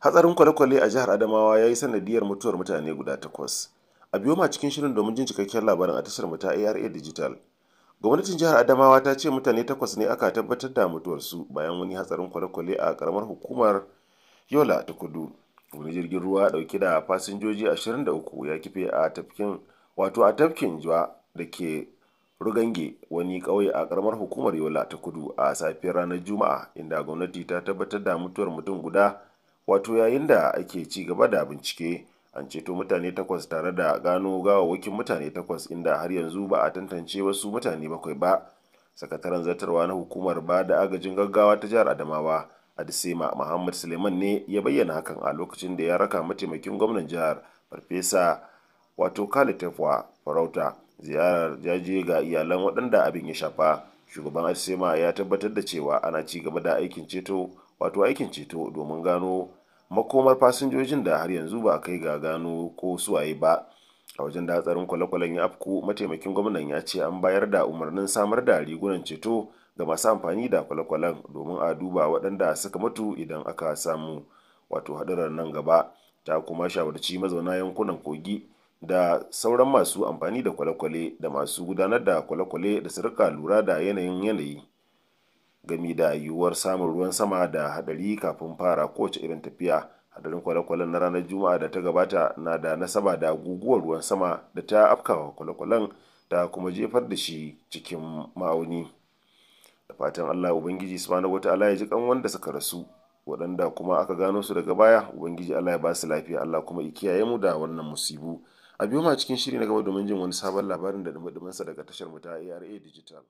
hatsarin kwale-kwale a jihar adamawa ya yi sanadiyar mutuwar mutane guda takwas a biyo ma cikin shirin domin jin cikakken labarin a tashar ta ara digital gwamnatin jihar adamawa ta ce mutane takwas ne aka tabbatar da mutuwarsu bayan wani hatsarin kwale-kwale a karamar hukumar yola ta kudu wani jirgin ruwa dauke da fasinjoji ashirin da uku ya kife a tafkin wato a tafkin juwa da ke rugange wani kauye a karamar hukumar yola ta kudu a safiyar ranar juma'a inda gwamnati ta tabbatar da mutuwar mutum guda wato yayin da ake ci gaba da bincike an ceto mutane takwas tare da gano gawawwakin mutane takwas inda har yanzu ba a tantance wasu mutane bakwai ba sakataren zartarwa na hukumar ba da agajin gaggawa ta jihar adamawa adisema muhammad suleiman ne ya bayyana hakan a lokacin da ya raka mataimakin gwamnan jihar farfesa wato kalitefwa farauta ziyarar jaje ga iyalan waɗanda abin ya shafa shugaban adisema ya tabbatar da cewa ana ci gaba da aikin ceto wato aikin ceto domin gano makomar fasinjojin da har yanzu ba kai ga gano ko suwaye ba a wajen datsarin kwale-kwalen ya afku mataimakin gwamnan ya ce an bayar da umarnin samar da rigunan ceto ga masu amfani da kwale-kwalen domin a duba waɗanda suka mutu idan aka samu wato haɗarar nan gaba ta kuma shawarci mazauna yankunan kogi da sauran masu amfani da kwale-kwale da masu gudanar da kwale-kwale da su rika lura da yanayin yanayi gami da yiwuwar samun ruwan sama da hadari kafin fara kowace irin tafiya hadarin kwale-kwalen na ranar juma'a da ta gabata na da nasaba da guguwar ruwan sama da ta afkawa kwale-kwalen ta kuma jefar da shi cikin ma'auni da fatan allah ubangiji wata ala ya ji kan wanda suka rasu waɗanda kuma aka gano su daga baya ubangiji allah ya ba su lafiya allah kuma ikiyaye mu da wannan musibu a biyu ma cikin shiri na gaba domin jin wani sabon labarin da dumi daga tashar mu ta ara digital